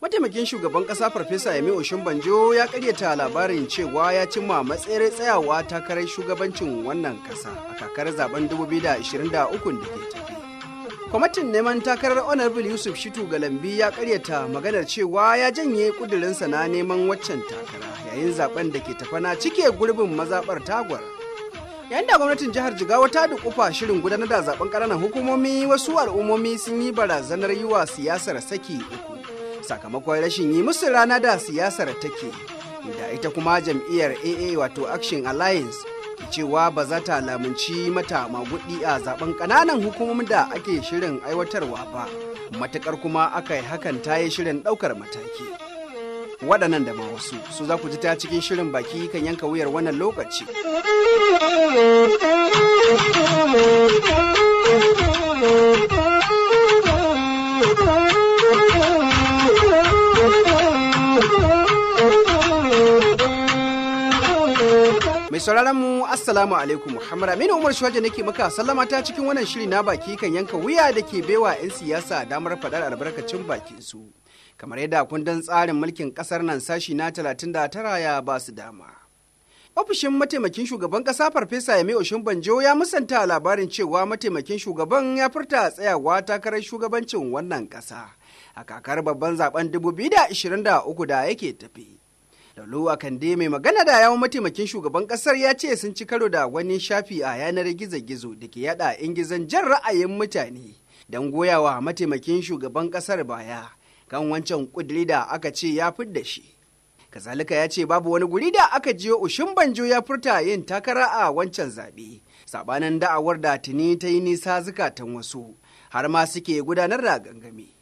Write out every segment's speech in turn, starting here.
mataimakin shugaban ƙasa farfesa Yemi shin banjo ya karyata labarin cewa ya cimma matsayar tsayawa takarar shugabancin wannan ƙasa a kakar zaben 2023 da ke tafi kwamitin neman takarar honorable yusuf shitu galambi ya karyata maganar cewa ya janye kudurinsa na neman waccan takara yayin zaben da ke tafana cike gurbin mazabar tagwar yayin da gwamnatin jihar jigawa ta dukufa shirin gudanar da zaben ƙananan hukumomi wasu al'ummomi sun yi barazanar yi wa siyasar saki uku sakamakon rashin yi musu rana da siyasar take da ita kuma jam'iyyar aa wato action alliance cewa ba za ta lamunci mata magudi a zaben ƙananan hukumomin da ake shirin aiwatarwa ba matuƙar kuma aka yi hakan ta yi shirin ɗaukar mataki waɗannan da ba wasu su za ku ji ta cikin shirin baki kan yanka wuyar wannan lokaci Mai sauraron mu Assalamu alaikum Muhammad Aminu Umar Shuwaje nake maka sallama ta cikin wannan shiri na baki kan yanka wuya da ke baiwa 'yan siyasa damar faɗar albarkacin bakin su. Kamar yadda kundin tsarin mulkin kasar nan sashi na 39 ya ba su dama. Ofishin mataimakin shugaban ƙasa Farfesa Yemi Oshin Banjo ya musanta labarin cewa mataimakin shugaban ya furta tsayawa takarar shugabancin wannan ƙasa a kakar babban zaben 2023 da yake tafi. a Kande, mai magana da yawon mataimakin shugaban kasar ya ce sun ci karo da wani shafi a yanar gizo-gizo da ke yada ingizan jan ra'ayin mutane don goyawa mataimakin shugaban kasar baya kan wancan kudiri da aka ce ya fidda shi. Kazalika ya ce babu wani guri da aka jiyo ushin banjo ya furta yin takara a wancan zaɓe. Sabanin da'awar da tuni ta yi nisa zukatan wasu har ma suke gudanar da gangami.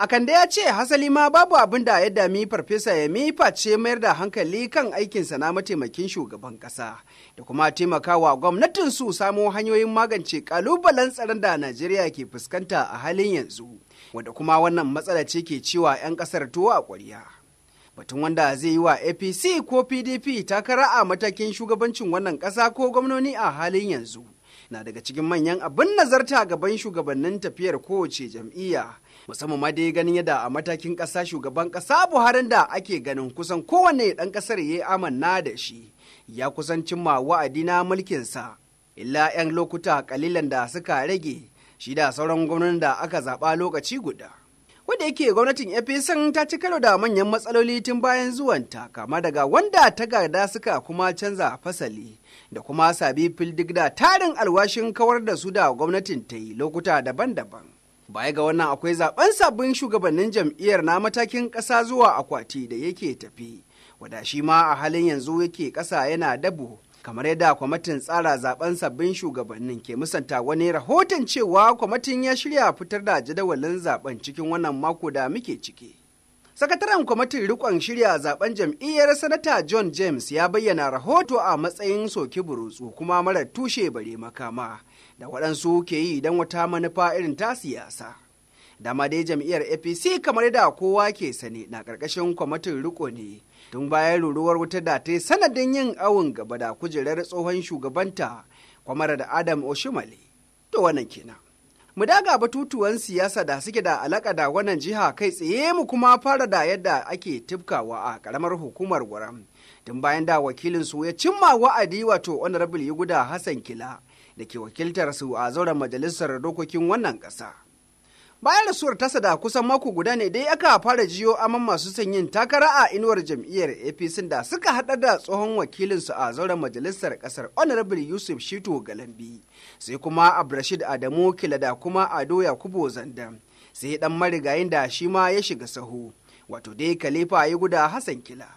Akande ya ce hasali ma babu abin da ya dami farfesa ya mi ce mayar da hankali kan aikinsa na mataimakin shugaban kasa da kuma taimakawa gwamnatin su samo hanyoyin magance kalubalen tsaron da Najeriya ke fuskanta a halin yanzu, wadda kuma wannan matsala ce ke cewa 'yan kasar tuwo a ƙwarya. Batun wanda zai yi wa APC ko PDP takara a matakin shugabancin wannan kasa ko gwamnoni a halin yanzu na daga cikin manyan abin nazarta gaban shugabannin tafiyar kowace jam'iyya. musamman ma dai ganin yadda a matakin ƙasa shugaban ƙasa buharin da ake ganin kusan kowane ɗan ƙasar ya yi amanna da shi ya kusan cimma wa'adi na sa illa 'yan lokuta kalilan da suka rage shi da sauran gwamnan da aka zaɓa lokaci guda wanda yake gwamnatin apc ta ci karo da manyan matsaloli tun bayan zuwanta kama daga wanda ta gada suka kuma canza fasali da kuma sabi fildig da tarin alwashin kawar da su da gwamnatin ta yi lokuta daban-daban Baya ga wannan akwai zaben sabbin shugabannin jam'iyyar na matakin ƙasa zuwa akwati da yake tafi, wada shi ma a halin yanzu yake ƙasa yana dabo. Kamar yadda kwamitin tsara zaben sabbin shugabannin ke musanta wani rahoton cewa kwamitin ya shirya fitar da jadawalin zaben cikin wannan mako da muke ciki. Sakataren kwamitin rikon shirya zaben jam'iyyar Sanata John James ya bayyana rahoto a matsayin soki burutsu kuma mara tushe bare makama da waɗansu ke yi don wata manufa irin ta siyasa. Dama dai jam'iyyar APC kamar da kowa ke sani na ƙarƙashin kwamitin riko ne tun bayan ruruwar wuta da ta sanadin yin awon gaba da kujerar tsohon shugabanta kwamar da Adam Oshimale. To wannan kenan. mu daga batutuwan siyasa da suke da alaka da wannan jiha kai tsaye mu kuma fara da yadda ake tifkawa a karamar hukumar gwaram tun bayan da wakilin su ya cimma wa'adi wato honorable yuguda hassan kila da ke wakiltar su a zauren majalisar dokokin wannan ƙasa. bayan rasuwar tasa da kusan mako guda ne dai aka fara jiyo aman masu son yin takara a inuwar jam'iyyar apc da suka haɗa da tsohon wakilinsu a zauren majalisar ƙasar honorable yusuf shito galambi sai kuma abrashid Adamu Kila da kuma Ado Yakubu Zanda sai dan marigayin da shi ma ya shiga sahu wato dai Khalifa ya guda hasan Kila.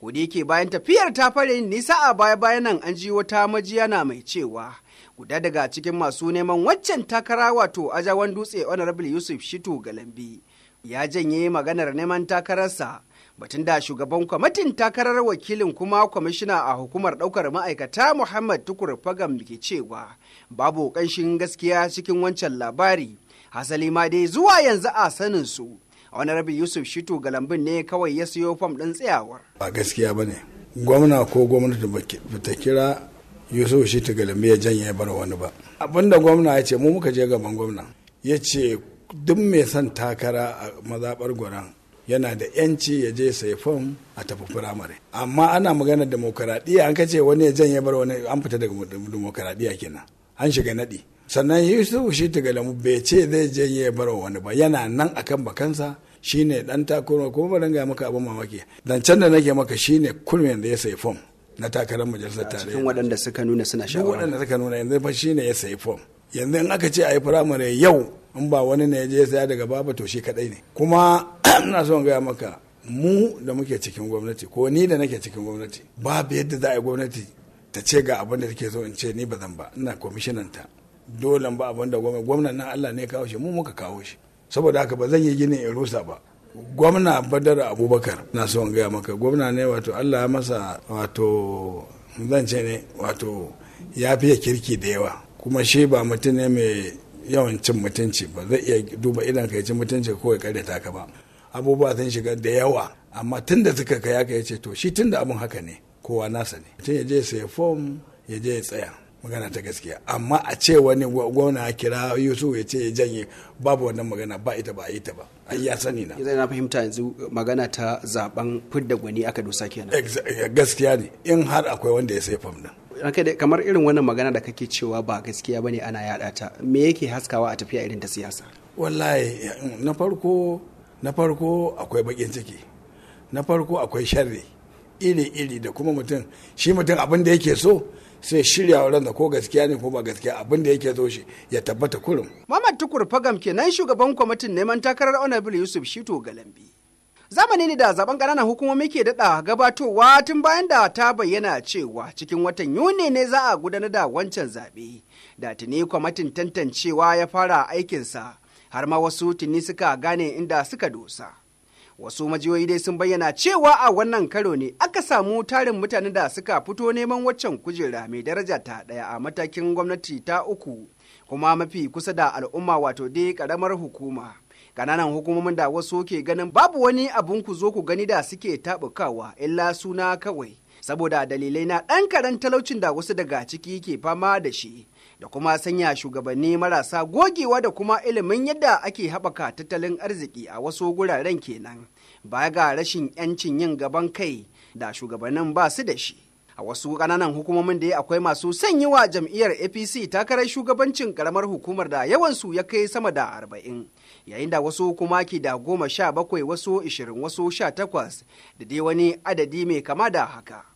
Kudi yake bayan tafiyar ta fare yin nisa a baya bayan nan an ji wata majiya na mai cewa guda daga cikin masu neman waccan takara wato ajawan dutse honorable Yusuf Shitu Galambi ya janye maganar neman takararsa batun da shugaban kwamitin takarar wakilin kuma kwamishina a hukumar ɗaukar ma'aikata muhammad tukur fagam ke cewa babu kanshin gaskiya cikin wancan labari hasali ma dai zuwa yanzu a sanin su rabi yusuf shitu galambin ne kawai ya siyo fam ɗin tsayawar ba gaskiya ba ne gwamna ko gwamnati ba ta kira yusuf shitu galambi ya janye bar wani ba abinda gwamna ya ce mu muka je gaban gwamna ya ce duk mai son takara a mazaɓar gwaran yana da yanci ya je sai fom a tafi firamare amma ana magana demokaradiyya an kace wani ya janye bar wani an fita daga demokaradiyya kenan an shiga nadi. sannan yusuf shi galamu bai ce zai janye bar wani ba yana nan akan bakansa shine dan takoro kuma ba ga maka abin mamaki can da nake maka shine kulmin da ya sai fom na takarar majalisar tare cikin waɗanda suka nuna suna shawara waɗanda suka nuna yanzu fa shine ya sai fom yanzu in aka ce a yi firamare yau in ba wani ne je saya daga baba to shi kadai ne kuma ina son gaya maka mu da muke cikin gwamnati ko ni da nake cikin gwamnati babu yadda za a yi gwamnati ta ce ga abin da take so in ce ni ba zan ba ina kwamishinan ta dole ba abin da gwamnati gwamnan nan Allah ne kawo shi mu muka kawo shi saboda haka ba zan yi ginin in rusa ba gwamna badar abubakar na son gaya maka gwamna ne wato Allah ya masa wato zan ce ne wato ya fiye kirki da yawa kuma shi ba mutum ne mai yawan cin mutunci ba zai iya duba idan ka cin mutunci ko ya ta ka ba abubuwa sun shiga da yawa amma tun da suka kai aka ya ce to shi tun da abin haka ne kowa nasa ne mutum ya je ya saya fom ya je ya tsaya magana ta gaskiya amma a ce wani gwamna kira yusuf ya ce ya janye babu wannan magana ba ita ba a yi ta ba a ya sani na zai na fahimta yanzu uh, magana ta zaben fidda gwani aka dosa kenan eh, gaskiya ne in har akwai wanda ya sai fam din kamar irin wannan magana da kake cewa ba gaskiya bane ana yada ta me yake haskawa a tafiya irin ta siyasa wallahi eh, na farko na farko akwai bakin ciki na farko akwai sharri iri iri da kuma mutum shi mutum abin da yake so sai shirya wurin da ko gaskiya ne ko ba gaskiya abin da yake zo shi ya tabbata kurum. Mamad Tukur Fagam kenan shugaban kwamitin neman takarar Honorable Yusuf Shito Galambi. Zamani ne da zaben ƙananan hukumomi ke daɗa gabatowa tun bayan da ta bayyana cewa cikin watan Yuni ne za a gudanar da wancan zaɓe. Da tuni kwamitin tantancewa ya fara aikinsa har ma wasu tuni suka gane inda suka dosa. Wasu majiyoyi dai sun bayyana cewa a wannan karo ne aka samu tarin mutane da suka fito neman waccan kujera mai daraja ta ɗaya a matakin gwamnati ta uku kuma mafi kusa da al'umma wato dai karamar hukuma. kananan hukumomin da wasu ke ganin babu wani abun ku zo ku gani da suke taɓukawa illa suna kawai saboda dalilai na ɗan karen talaucin da wasu daga ciki ke fama da shi da kuma sanya shugabanni marasa gogewa da kuma ilimin yadda ake haɓaka tattalin arziki a wasu guraren kenan ba ga rashin 'yancin yin gaban kai da shugabannin ba su da shi a wasu ƙananan hukumomin da ya akwai masu sanyi wa jam'iyyar apc takarar shugabancin karamar hukumar da yawansu ya kai sama da arba'in yayin da wasu kuma ke da goma sha bakwai wasu ishirin wasu sha takwas da dai wani adadi mai kama da haka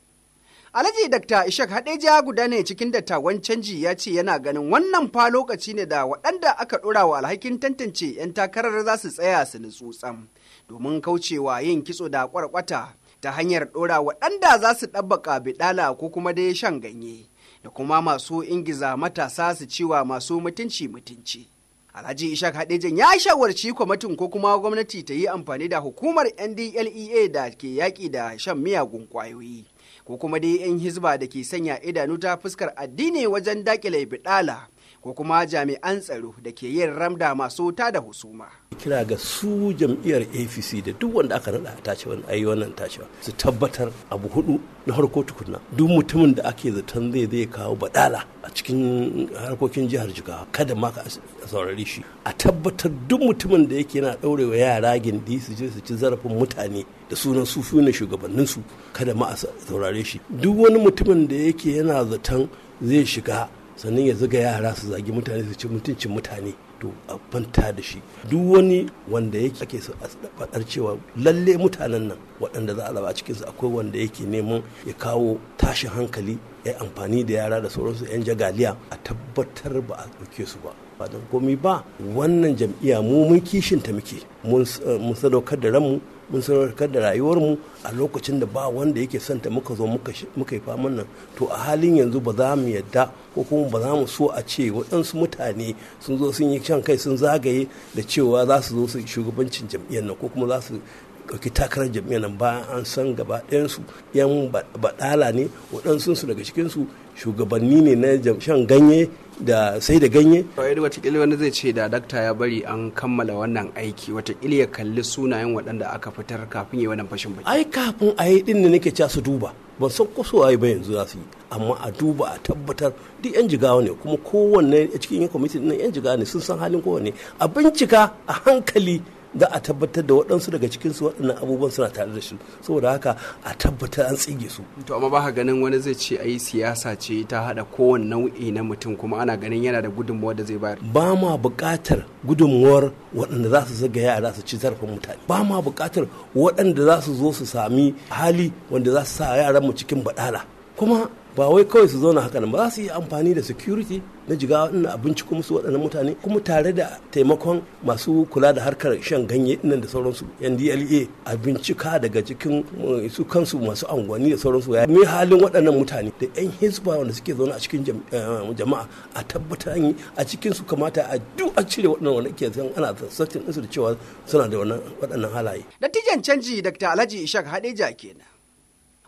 Alhaji Dr. Ishak Hadeja guda ne cikin dattawan canji ya ce yana ganin wannan fa lokaci ne da waɗanda aka ɗora wa alhakin tantance 'yan takarar za su tsaya su nutsu tsam domin kaucewa yin kitso da kwarkwata ta hanyar ɗora waɗanda za su ɗabbaka biɗala ko kuma dai shan ganye da kuma masu ingiza matasa su cewa masu mutunci mutunci. Alhaji Ishak Hadejan ya shawarci kwamitin ko kuma gwamnati ta yi amfani da hukumar NDLEA da ke yaƙi da shan miyagun ƙwayoyi. ko kuma dai 'yan hizba da ke sanya idanu ta fuskar addini wajen dakile bidala ko kuma jami'an tsaro da ke yin ramda masu wuta da husuma. Kira ga su jam'iyyar APC da duk wanda aka naɗa tashi wani ayi wannan tashiwa su tabbatar abu hudu na harko tukunna duk mutumin da ake zaton zai zai kawo badala a cikin harkokin jihar Jigawa kada ma ka saurari shi a tabbatar duk mutumin da yake yana daurewa yara gindi su je su ci zarafin mutane da sunan sufi na su kada ma a saurare shi duk wani mutumin da yake yana zaton zai shiga sannan ya zuga yara su zagi mutane su ci mutuncin mutane to a fanta da shi duk wani wanda yake ake faɗar cewa lalle mutanen nan waɗanda za a a cikinsu akwai wanda yake neman ya kawo tashin hankali ya amfani da yara da sauransu 'yan jagaliya a tabbatar ba a ɗauke su ba ba don komi ba wannan jam'iyya mu mun kishinta muke mun eh, sadaukar da ranmu mun sadaukar da rayuwarmu a lokacin da ba wanda yake santa muka zo muka yi faman nan to a halin yanzu ba za mu yadda ko kuma ba za mu so a ce waɗansu mutane sun zo sun yi shan kai sun zagaye da cewa za su zo su shugabancin jam'iyyar nan ko kuma za su ɗauki takarar jam'iyyar nan bayan an san gaba ɗayansu yan baɗala ne waɗansu su daga cikinsu shugabanni ne na shan ganye da sai da ganye. Fa'id watakila wani zai ce da dakta ya bari an kammala wannan aiki watakila ya kalli sunayen waɗanda aka fitar kafin yi wannan fashin baki. Ai kafin a yi ɗin da nake ca su duba ban san ko su ba yanzu za su yi amma a duba a tabbatar duk yan jigawa ne kuma kowanne a cikin yan kwamitin nan yan jigawa ne sun san halin kowanne a bincika a hankali za a tabbatar da waɗansu daga cikinsu waɗannan abubuwan suna tare da su saboda haka a tabbatar an tsige su to amma ba ganin wani zai ce ai siyasa ce ta hada kowane nau'i na mutum kuma ana ganin yana da gudunmuwa da zai bayar ba ma buƙatar gudunmuwar waɗanda za su zaga yara su ci zarafin mutane ba ma buƙatar waɗanda za su zo su sami hali wanda za su sa yaran mu cikin baɗala kuma ba wai kawai su zauna haka nan ba za su yi amfani da security na jiga ina abinci kuma su waɗannan mutane kuma tare da taimakon masu kula da harkar shan ganye nan da sauransu yan DLA e a bincika daga cikin eh, su kansu masu angwani da sauransu ya me halin waɗannan mutane da yan hizba wanda suke zaune a cikin eh, jama'a a tabbatar yi a cikin su kamata a duk a cire waɗannan wanda ke zan ana sattin su da cewa suna da waɗannan halaye. Dattijan canji Dr. Alhaji Ishak Hadeja kenan.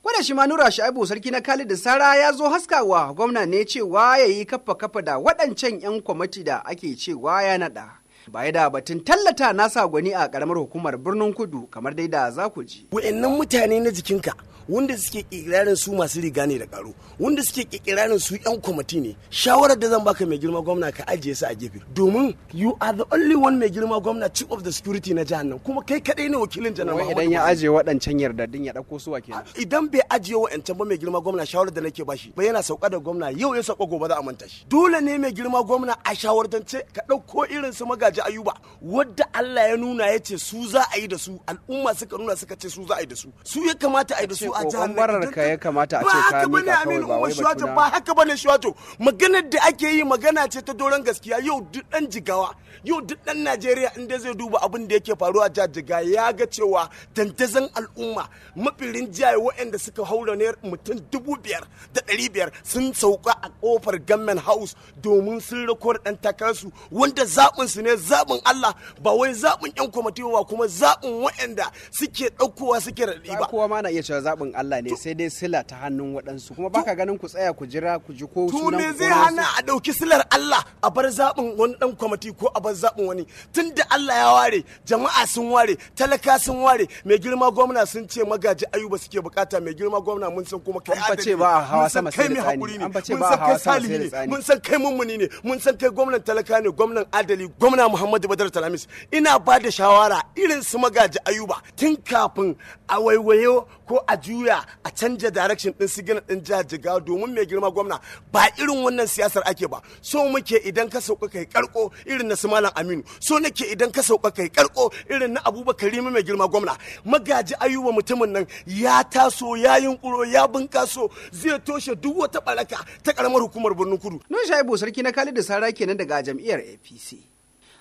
Wanda shi ma Nura aibu sarki na Khalid Sara ya zo haskawa gwamna ne cewa ya yi kafa kafa da waɗancan 'yan kwamiti da ake cewa ya naɗa. baya da batun tallata nasa gwani a ƙaramar hukumar birnin kudu kamar dai da za ku ji. Wa'annan mutane na jikinka wanda suke kirarin su masu riga ne da karo wanda suke kirarin su yan kwamiti ne shawarar da zan baka mai girma gwamna ka ajiye su a gefe domin you are the only one mai girma gwamna chief of the security na jihar nan kuma kai kadai ne wakilin jihar nan idan ya ajiye waɗancan yardaddun ya ɗauko su wakilin idan bai ajiye waɗancan ba mai girma gwamna shawarar da nake bashi ba yana sauka da gwamna yau ya sauka gobe za a manta shi dole ne mai girma gwamna a shawartance ka ɗauko irin su magaji ayuba wadda Allah ya nuna ya ce su za a yi da su al'umma suka nuna suka ce su za a yi da su su ya kamata a yi da su a jihar ka ya kamata a ce ka kawai ba wai batuna ba haka bane shuwato maganar da ake yi magana ce ta doron gaskiya yau duk dan jigawa yau duk dan Najeriya inda zai duba abin da yake faruwa a jihar Jigawa ya ga cewa tantazan al'umma mafirin jiya waɗanda suka haura ne mutum dubu biyar da ɗari biyar sun sauka a kofar gamman house domin sun rakuwar ɗan takararsu wanda zaɓinsu ne zaɓin Allah ba wai zaɓin 'yan kwamiti ba kuma zaɓin waɗanda suke ɗaukowa suke raɗi ba. Kowa ma na iya cewa zaɓin ikon Allah ne sai dai sila ta hannun waɗansu kuma baka ganin ku tsaya ku jira ku ji ko sunan ne zai hana a ɗauki silar Allah a bar zaɓin wani ɗan kwamiti ko a bar zaɓin wani tun da Allah ya ware jama'a sun ware talaka sun ware mai girma gwamna sun ce magaji ayuba suke bukata mai girma gwamna mun san kuma kai adali ba a hawa sama sai ne an bace ba a hawa sama sai mun san kai mummuni ne mun san kai gwamnan talaka ne gwamnan adali gwamna Muhammadu Badar Talamis ina ba da shawara irin su magaji ayuba tun kafin a waiwayo ko a juya a canja direction din signal din jihar jigawa domin mai girma gwamna ba irin wannan siyasar ake ba so muke idan ka sauka kai karko irin na sumalan aminu so nake idan ka sauka kai karko irin na abubakar rima mai girma gwamna magaji ayuba mutumin nan ya taso ya yunkuro ya bunkaso zai toshe duk wata baraka ta karamar hukumar birnin kudu. Nun Shaibu sarki na kalidu Sara kenan daga jam'iyyar APC.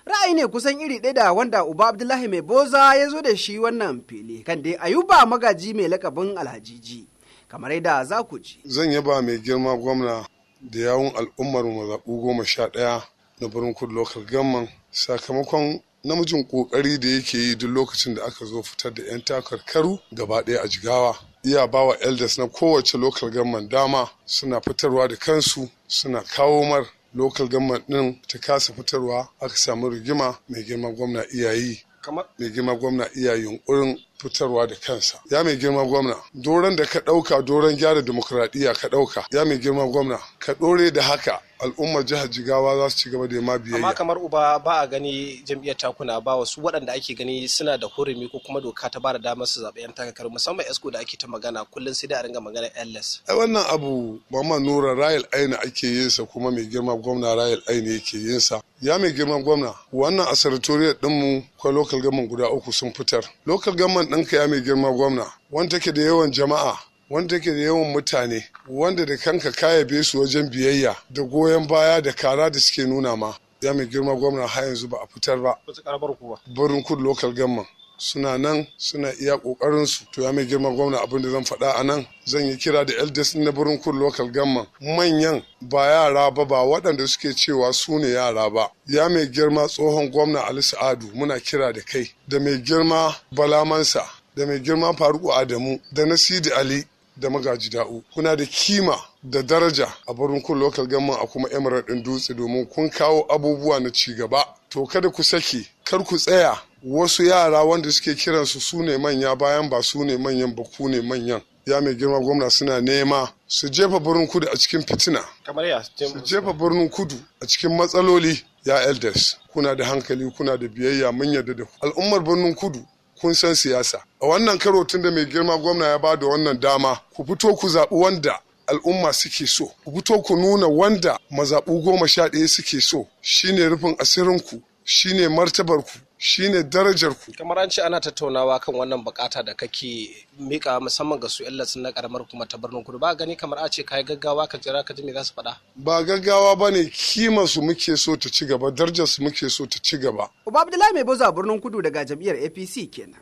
ra'ayi ne kusan iri ɗaya da wanda uba abdullahi mai boza ya zo da shi wannan fili kan dai ayuba magaji mai lakabin alhajiji kamar yadda za ku ji. zan yaba mai girma gwamna da yawun al'ummar mazaɓu goma sha ɗaya na birnin kudu lokal gamman sakamakon namijin ƙoƙari da yake yi duk lokacin da aka zo fitar da 'yan takarkaru gaba ɗaya a jigawa iya bawa elders na kowace lokal gamman dama suna fitarwa da kansu suna kawo mar local government din ta kasa fitarwa aka samu rigima mai girma gwamna iyayi mai girma gwamna iyayen yunkurin fitarwa da kansa ya mai girma gwamna doron da ka ɗauka doron gyara demokradiyya ka ɗauka ya mai girma gwamna ka ɗore da haka al'ummar jihar jigawa za su ci gaba da ma biyayya amma kamar uba ba a gani jam'iyyar takuna ba wasu waɗanda ake gani suna da hurumi ko kuma doka ta bada damar su zaɓe yan takakar musamman esco da ake ta magana kullum sai dai a ringa magana ls ai wannan abu ba ma nura rayal aini ake yin sa kuma mai girma gwamna rayal aini yake yin sa ya mai girma gwamna wannan asaratoriyar ɗinmu kwa local government guda uku sun fitar local government yawan ɗan mai girma gwamna wanda take da yawan jama'a wanda ke da yawan mutane wanda da kanka kayabe su wajen biyayya da goyon baya da kara da suke nuna ma ya mai girma gwamna har yanzu ba a fitar ba. Barin kudu lokal gamman. suna nan suna iya ƙoƙarinsu to ya mai girma gwamna abin da zan faɗa a nan zan yi kira da eldest na burin kur local manyan ba yara ba ba waɗanda suke cewa su ne yara ba ya mai girma tsohon gwamna ali sa'adu muna kira da kai da mai girma balamansa da mai girma faruku adamu da na Sidi ali da magaji da'u kuna da kima da daraja a birnin lokal local gamman a kuma emirat ɗin dutse domin kun kawo abubuwa na ci gaba to kada ku sake kar ku tsaya wasu yara wanda suke kiransu su ne manya bayan ba su ne manyan ba ku ne manyan ya mai girma gwamna suna nema su jefa birnin kudu a cikin fitina su jefa birnin kudu a cikin matsaloli ya elders kuna da hankali kuna da biyayya mun yarda da al'ummar birnin kudu kun san siyasa a wannan karo tun da mai girma gwamna ya ba da wannan dama ku fito ku zaɓi wanda al'umma suke so ku fito ku nuna wanda mazaɓu goma sha ɗaya suke so shine rufin asirinku shine martabarku shine darajarku kamar an ce ana tattaunawa kan wannan bukata da kake mika musamman ga su yan latsin na karamar kuma ta birnin kudu ba gani kamar a ce kai gaggawa ka jira ka ji me za su faɗa ba gaggawa ba ne kima su muke so ta ci gaba darajar su muke so ta ci gaba uba abdullahi mai boza birnin kudu daga jam'iyyar apc kenan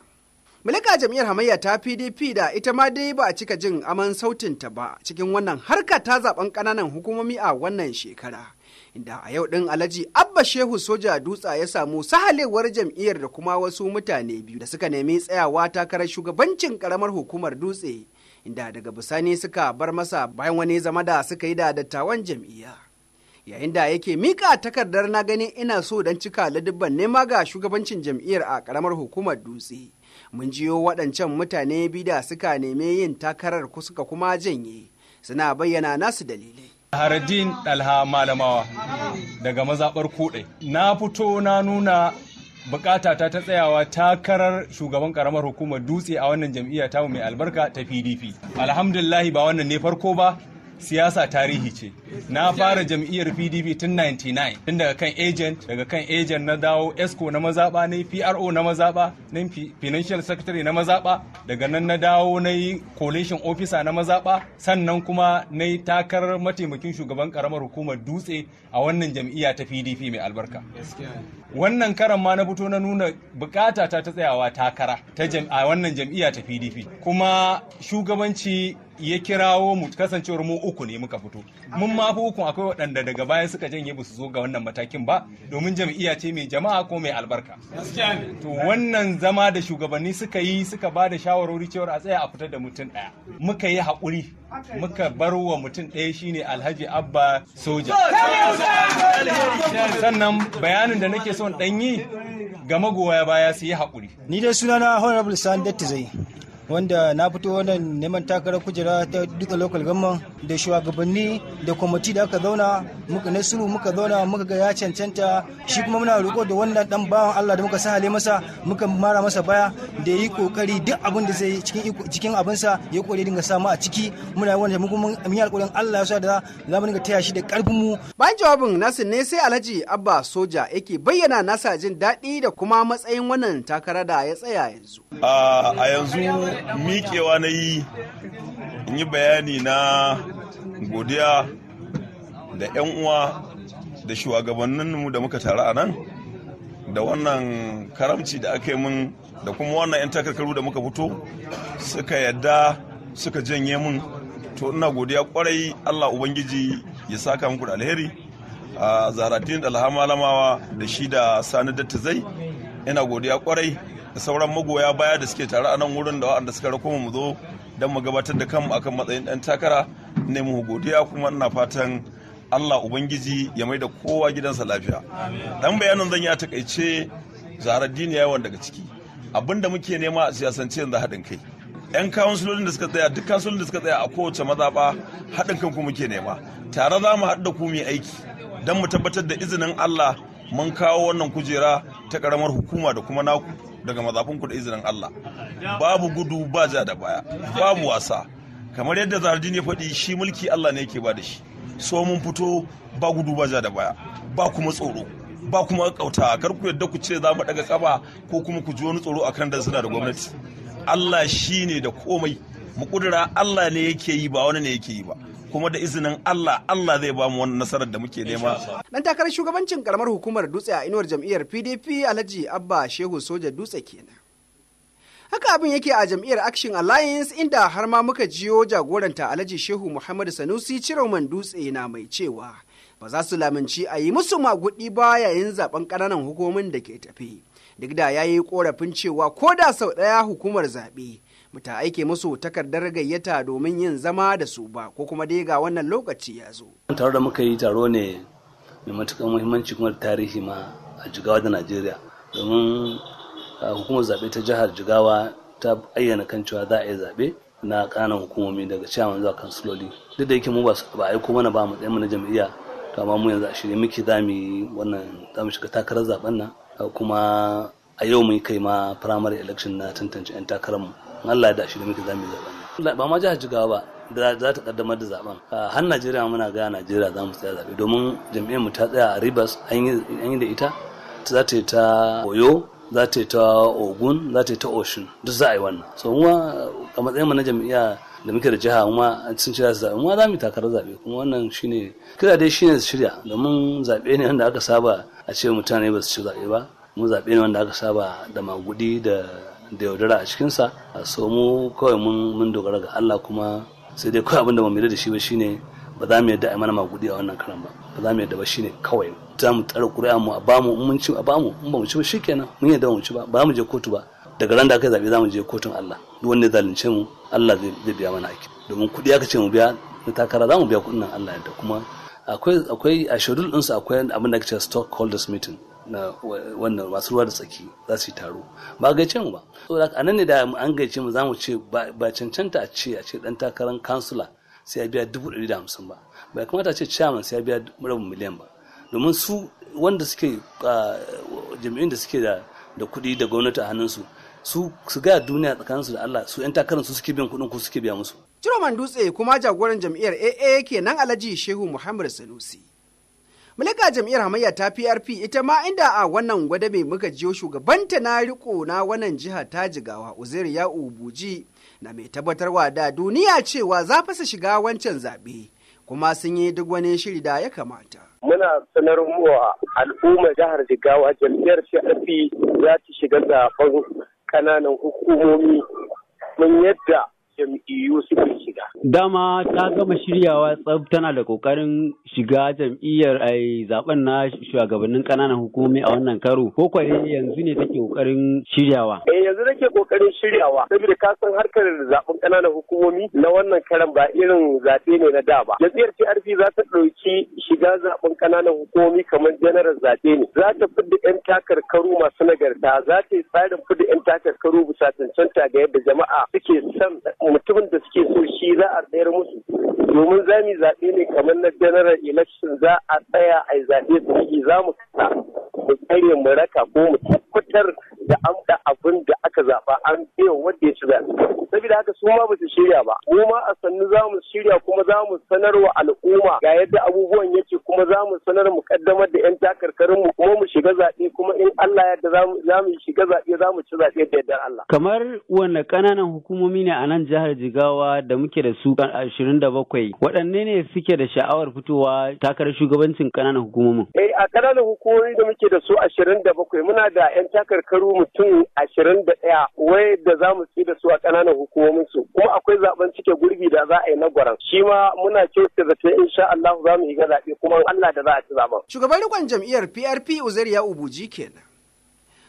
Mulika jam'iyyar hamayya ta PDP da ita ma dai ba a cika jin aman sautin ta ba cikin wannan harka ta zaben ƙananan hukumomi a wannan shekara. Inda a yau ɗin Alhaji Abba Shehu Soja Dutsa ya samu sahalewar jam'iyyar da kuma wasu mutane biyu da suka nemi tsayawa takarar shugabancin karamar hukumar Dutse. Inda daga bisani suka bar masa bayan wani zama da suka yi da dattawan jam'iyya. yayin da yake mika takardar na gani ina so don cika ladubban nema ga shugabancin jam'iyyar a karamar hukumar dutse mun jiyo waɗancan mutane bida suka neme yin takarar suka kuma janye suna bayyana nasu dalilai Haradin Dalha Malamawa daga mazaɓar kuɗe. Na fito na nuna bukata ta ta tsayawa takarar shugaban karamar hukumar dutse a wannan jam'iyya ta mai albarka ta PDP. Alhamdulillahi ba wannan ne farko ba siyasa tarihi ce na fara jam'iyyar pdp tun 99 tun daga kan agent daga kan agent na dawo esco na mazaba na pro na mazaba na financial secretary na mazaba daga nan na dawo na yi coalition officer na mazaba sannan kuma na yi takarar mataimakin shugaban karamar hukumar dutse a wannan jam'iyya ta pdp mai albarka wannan karan ma na fito na nuna bukata ta ta tsayawa takara a wannan jam'iyya ta pdp kuma shugabanci ya kirawo mu kasancewar mu uku ne muka fito mun ma fi uku akwai waɗanda daga baya suka janye ba su zo ga wannan matakin ba domin jam'iyya ce mai jama'a ko mai albarka to wannan zama da shugabanni suka yi suka ba da shawarwari cewar a tsaya a fitar da mutum ɗaya muka yi haƙuri muka bar wa mutum ɗaya shine alhaji abba soja sannan bayanin da nake son ɗanyi ga magoya baya su yi haƙuri ni dai sunana honorable sandatti zai wanda na fito wannan neman takarar kujera ta duka local government da shugabanni da kwamiti da aka zauna muka nasiru muka zauna muka ga ya cancanta shi kuma muna roƙo da wannan dan bawan Allah da muka sahale masa muka mara masa baya da yi kokari duk abin da zai cikin cikin abinsa ya kore dinga samu a ciki muna yi wannan mun mun alƙawarin Allah ya sa da za mu dinga taya shi da ƙarfin mu ban jawabin nasu ne sai Alhaji Abba Soja yake bayyana nasa jin daɗi da kuma matsayin wannan takara da ya tsaya yanzu a yanzu miƙewa na yi in yi bayani na godiya da 'yan uwa da shugabanninmu da muka taru a nan da wannan karamci da aka yi mun da kuma wannan 'yan takarkaru da muka fito suka yadda suka janye mun to ina godiya kwarai allah ubangiji ya saka muku da alheri a zaratin da alhamalamawa da shi da sani zai ina godiya kwarai da sauran magoya baya da suke tare a nan wurin da waɗanda suka rako mu zo don mu gabatar da kanmu akan matsayin ɗan takara ne mu godiya kuma ina fatan Allah Ubangiji ya mai da kowa gidansa lafiya. Dan bayanin zan ya takaice zarar dini yawan daga ciki. Abin da muke nema a siyasance yanzu haɗin kai. 'Yan kawunsilolin da suka tsaya duk kawunsilolin da suka tsaya a kowace mazaɓa haɗin kanku muke nema. Tare za mu haɗu da ku mai aiki don mu tabbatar da izinin Allah mun kawo wannan kujera ta karamar hukuma da kuma naku daga mazafin da izinin Allah babu gudu ba ja da baya babu wasa kamar yadda zardin ya faɗi shi mulki Allah ne yake ba da shi so mun fito ba gudu ba ja da baya ba kuma tsoro ba kuma kauta kar ku yadda ku ce za mu daga kaba ko kuma ku ji wani tsoro akan da suna da gwamnati Allah shi ne da komai mu kudura Allah ne yake yi ba wani ne yake yi ba kuma da izinin Allah Allah zai ba mu wannan nasarar da muke nema. Dan takarar shugabancin karamar hukumar dutse a inuwar jam'iyyar PDP Alhaji Abba Shehu Soja Dutse kenan. Haka abin yake a jam'iyyar Action Alliance inda har ma muka jiyo jagoranta Alhaji Shehu Muhammadu Sanusi Ciroman Dutse na mai cewa ba za su lamunci a yi musu magudi ba yayin zaben ƙananan hukumomin da ke tafi. Duk da ya yi korafin cewa ko da sau ɗaya hukumar zaɓe ta aike musu takardar gayyata domin yin zama da su ba ko kuma dai ga wannan lokaci ya zo. Taro da muka yi taro ne mai matuƙar muhimmanci kuma tarihi ma a Jigawa da Najeriya domin hukumar zaɓe ta jihar Jigawa ta ayyana kan cewa za a yi zaɓe na ƙananan hukumomi daga ciyaman zuwa kansiloli duk da yake mu ba a aiko mana ba mu ɗaya na jam'iyya to amma mu yanzu a shirye muke za mu wannan za mu shiga takarar zaɓen nan kuma a yau mun kai ma primary election na tantance 'yan takararmu Allah da shi da muke zamu zaben ba ma jihar Jigawa ba da za ta kaddamar da zaben ah, har Najeriya muna ga Najeriya za mu tsaya zabe domin jami'an mu ta tsaya a Rivers an yi da ita za ta yi ta Oyo za ta yi ta Ogun za ta yi ta Osun duk za a yi wannan so mu a matsayin mu na jami'a da muke da jiha kuma sun shirya su zaɓe kuma za mu takarar zaɓe kuma wannan shine kira dai shine su shirya domin zaɓe ne wanda aka saba a ce mutane ba su ci zaɓe ba mu zaɓe ne wanda aka saba da magudi da da yaudara a cikinsa so mu kawai mun dogara ga Allah kuma sai dai kawai abinda ba mu da shi ba shine ba za mu yadda a mana magudi a wannan karan ba ba za mu yadda ba shine kawai za mu tsara ƙuri'a mu a bamu in mun ci a bamu mun ba mu ci ba shikenan mun yadda mu ci ba ba mu je kotu ba daga ran da aka zabe za mu je kotun Allah duk wanda ya zalunce mu Allah zai biya mana hakki domin kuɗi aka ce mu biya na takara za mu biya kuɗin nan Allah ya da kuma akwai akwai a schedule ɗinsu akwai abin da ake cewa stockholders meeting na wannan masu ruwa da tsaki za su yi taro ba gaice mu ba saboda a nan ne da an gaice mu za mu ce ba cancanta a ce a ce dan takarar kansula sai ya biya dubu ɗari da hamsin ba bai kamata a ce chairman sai ya biya rabin miliyan ba domin su wanda suke jami'in da suke da kuɗi da gwamnati a hannunsu su su ga duniya tsakaninsu da Allah su 'yan takarar su suke biyan kuɗin ko suke biya musu. Ciroman Dutse kuma jagoran jam'iyyar AA yake nan Alhaji Shehu Muhammad Sanusi. Mulika jam'iyyar hamayya ta PRP ita ma inda a wannan gwada mai muka jiyo shugabanta na riko na wannan jihar ta jigawa Uzair ya Ubuji na mai tabbatarwa da duniya cewa za fasa shiga wancan zaɓe kuma sun yi duk wani shiri da ya kamata. Muna sanar wa al'ummar jihar Jigawa jam'iyyar PRP za ta shiga zaben kananan hukumomi mun yadda jam'iyyu suka shiga. Dama ta gama shiryawa tsab tana da kokarin shiga jam'iyyar ai zaben na shugabannin kananan hukumomi a wannan karo ko kwa yanzu ne take kokarin shiryawa. Eh yanzu nake kokarin shiryawa saboda ka san harkar zaben kananan hukumomi na wannan karan ba irin zaɓe ne na da ba. yar TRP za ta ɗauki shiga zaben kananan hukumomi kamar janaral zaɓe ne. Za ta fidda 'yan takarkaru masu nagarta za ta yi tsarin fidda 'yan takarkaru bisa cancanta ga yadda jama'a suke son mutumin da suke so shi za a tsayar musu domin za mu zaɓe ne kamar na general election za a tsaya a zaɓe su za mu kasa mu tsare mu raka ko mu tabbatar da an da abin da aka zaba an biya wanda ya ci zaɓe saboda haka su ma basu shirya ba mu ma a sannu za mu shirya kuma za mu sanar wa al'umma ga yadda abubuwan yake kuma za mu sanar mu kaddamar da 'yan takarkarin mu kuma mu shiga zaɓe kuma in Allah yadda za mu shiga zaɓe za mu ci zaɓe da yardar Allah. Kamar wanne ƙananan hukumomi ne a nan jihar Jigawa da muke da su ashirin da bakwai waɗanne ne suke da sha'awar fitowa takarar shugabancin ƙananan hukumomin? Eh a ƙananan hukumomi da muke da su ashirin da muna da 'yan takarkaru mutum ashirin da ɗaya wai da za mu ci da su a ƙananan hukumomin su kuma akwai zaben cike gurbi da za a yi na gwaran shi ma muna kyautar da ta insha Allah za mu yi ga zaɓe kuma Allah da za a ci zaben. Shugaban rikon jam'iyyar PRP ya Ubuji kenan.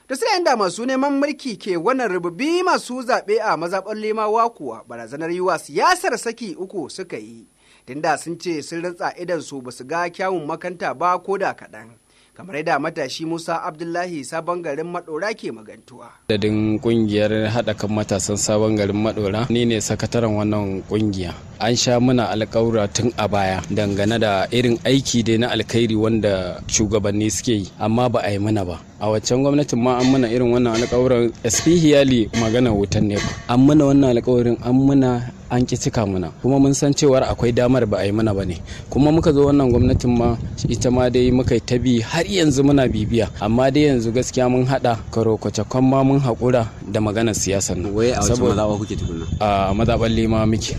da sai da masu neman mulki ke wannan rububi masu zaɓe a mazaɓar lemawa kuwa barazanar yiwa siyasar saki uku suka yi tunda sun ce sun rantsa idan su basu ga kyawun makanta ba ko da kaɗan. kamar yadda matashi Musa Abdullahi sabon garin Madora ke magantuwa. Dadin kungiyar haɗa kan matasan sabon garin maɗora. ni ne sakataren wannan kungiya. An sha muna alƙawura tun a baya dangane da irin aiki dai na alkhairi wanda shugabanni suke yi amma ba a yi mana ba. A waccan gwamnatin ma an muna irin wannan alƙawuran espihiyali magana wutan ne an muna wannan alƙawarin an muna an ki cika muna kuma mun san cewar akwai damar ba a yi mana ba ne kuma muka zo wannan gwamnatin ma ita ma dai muka yi tabi har yanzu muna bibiya amma dai yanzu gaskiya mun hada karo kwan ma mun haƙura da maganar siyasar nan wai a wasu mazaɓa kuke tukuna a mazaɓar lima muke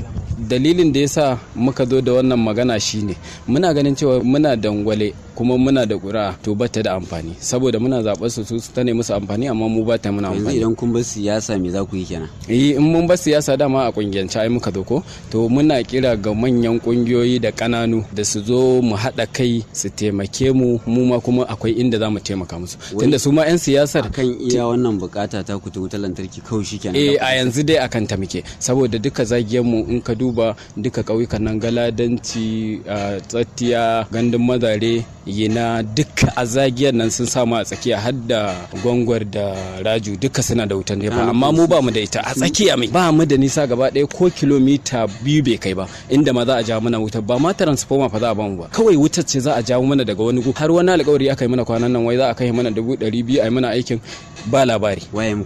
dalilin da ya sa muka zo da wannan magana shine muna ganin cewa muna dangwale kuma muna da ƙura to ba ta da amfani saboda muna zaɓar su su ta ne musu amfani amma mu ba ta muna amfani idan kun bar siyasa me za ku yi kenan eh in mun bar siyasa dama a kungiyance ai muka zo ko to muna kira ga manyan kungiyoyi da kananu da su zo mu haɗa kai su taimake mu mu ma kuma akwai inda za mu taimaka musu tunda su ma 'yan siyasar kan iya wannan bukata ta ku ta wutar lantarki kawai shi kenan eh a yanzu dai akan ta muke saboda duka zagiyar mu in ka duba duka ƙauyukan nan galadanci ah, tsattiya gandun mazare duk duka zagiyar nan sun samu a tsakiya har da gwangwar da raju duka suna da wutan nefa amma mu ba mu da ita a tsakiya mai ba mu da nisa gaba ɗaya ko kilomita biyu bai kai ba inda ma za a jawo mana wutar ba ma transforma fa za a bamu ba kawai wutar ce za a jawo mana daga wani gu har wani alƙawari aka yi mana kwanan nan wai za a kai mana dubu ɗari biyu a yi mana aikin ba labari alƙawarin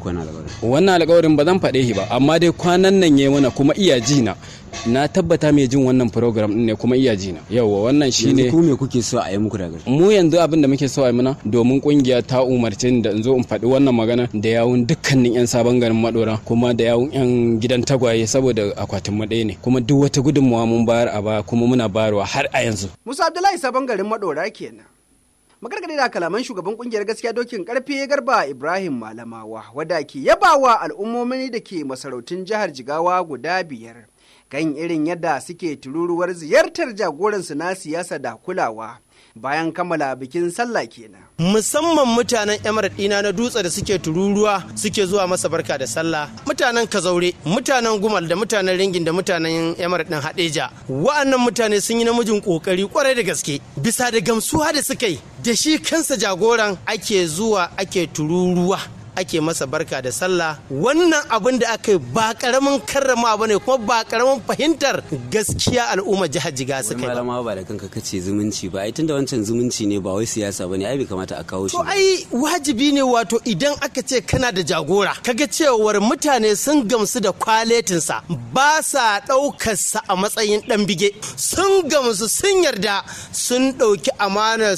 wannan alƙawarin ba zan faɗe shi ba amma dai kwanan nan ya yi mana kuma iya ji na na tabbata mai jin wannan program din ne kuma iya na yawa wannan shine ku me kuke so a yi muku daga mu yanzu abin da muke so a yi muna domin kungiya ta umarce ni da in zo in faɗi wannan magana da yawun dukkanin yan sabon garin madora kuma da yawun yan gidan tagwaye saboda akwatin maɗaya ne kuma duk wata gudunmawa mun bayar a ba kuma muna bayarwa har a yanzu Musa Abdullahi sabon garin madora kenan magargadi da kalaman shugaban kungiyar gaskiya dokin karfe garba ibrahim malamawa wadda ke yabawa al'ummomi da ke masarautun jihar jigawa guda biyar kan irin yadda suke tururuwar ziyartar jagoransu na siyasa da kulawa bayan kammala bikin sallah kenan. Musamman mutanen Emirat ɗina na dutse da suke tururuwa suke zuwa masa barka da sallah. Mutanen Kazaure, mutanen Gumal da mutanen Ringin da mutanen Emirat ɗin Hadeja. Wa'annan mutane sun yi namijin ƙoƙari kwarai da gaske. Bisa da gamsuwa da suka yi, da shi kansa jagoran ake zuwa ake tururuwa. ake masa barka da sallah wannan abin da aka yi ba karamin karrama ba ne kuma ba karamin fahimtar gaskiya al'umma jihar jiga su kai malama ba da kanka kace zumunci ba ai tunda wancan zumunci ne ba wai siyasa bane ai bai kamata a kawo shi to ai wajibi ne wato idan aka ce kana da jagora kaga cewar mutane sun gamsu da kwaletinsa ba sa ɗaukarsa a matsayin ɗan bige sun gamsu sun yarda sun ɗauki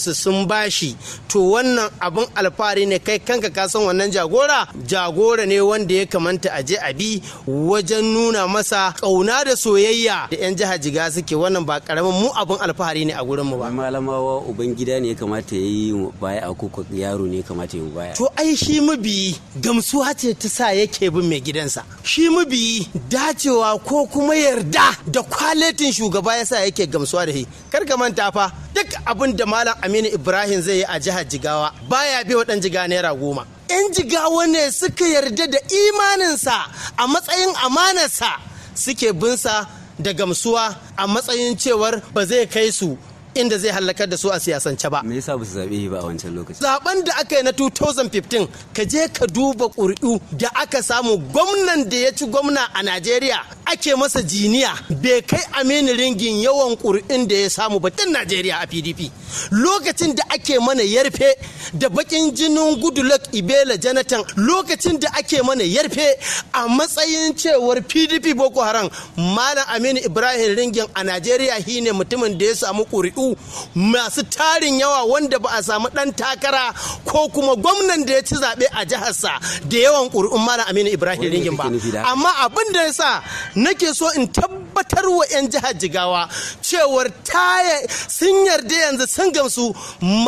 su sun bashi to wannan abin alfahari ne kai kanka ka san wannan jagora jagora jagora ne wanda ya kamanta a je a bi wajen nuna masa kauna da soyayya da 'yan jihar jiga suke wannan ba karamin mu abin alfahari ne a gurin mu ba malamawa ubangida ne ya kamata ya baya a kuka yaro ne ya kamata ya baya to ai shi mabiyi gamsuwa ce ta sa yake bin mai gidansa shi mabiyi dacewa ko kuma yarda da kwaletin shugaba ya sa yake gamsuwa da shi kar ka manta fa duk abin da malam aminu ibrahim zai yi a jihar jigawa baya bi wa dan jiga naira goma 'yan jigawa ne suka yarda da imaninsa a matsayin amanarsa suke binsa da gamsuwa a matsayin cewar ba zai kai su inda zai hallakar da su a siyasance ba. Me yasa ba su zaɓe ba a wancan lokaci? Zaben da aka yi na 2015 ka je ka duba ƙuri'u da aka samu gwamnan da ya ci gwamna a Najeriya ake masa jiniya bai kai aminu ringin yawan ƙuri'in da ya samu ba ɗin najeriya a pdp lokacin da ake mana yarfe da bakin jinin goodluck ibela jonathan lokacin da ake mana yarfe a matsayin cewar pdp boko haram malam aminu ibrahim ringin a najeriya shine mutumin da ya samu ƙuri'u masu tarin yawa wanda ba a samu ɗan takara ko kuma gwamnan da ya ci zaɓe a jiharsa da yawan ƙuri'un malam aminu ibrahim ringin ba amma abin da ya sa nake so in tabbatar wa 'yan jihar jigawa cewar taya sun yarda yanzu sun gamsu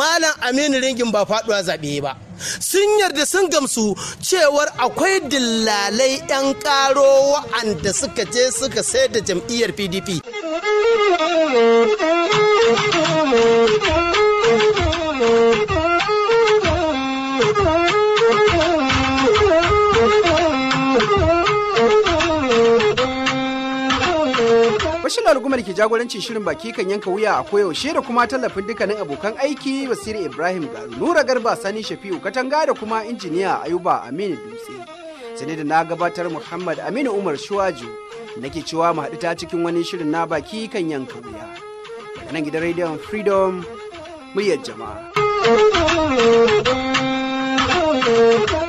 malam aminu ringin ba faduwa zaɓe ba sun yarda sun gamsu cewar akwai dillalai 'yan karo wa'anda suka je suka sayar da jam'iyyar pdp Bello Algumar ke jagorancin shirin baki kan yanka wuya a koyaushe da kuma tallafin dukkanin abokan aiki Basiru Ibrahim Garu, Nura Garba Sani Shafi'u Katanga da kuma injiniya Ayuba Aminu Dutse. Sani da na gabatar Muhammad Aminu Umar Shuwaju nake cewa mu haɗu ta cikin wani shirin na baki kan yanka wuya. Daga nan gidan rediyon Freedom muryar jama'a.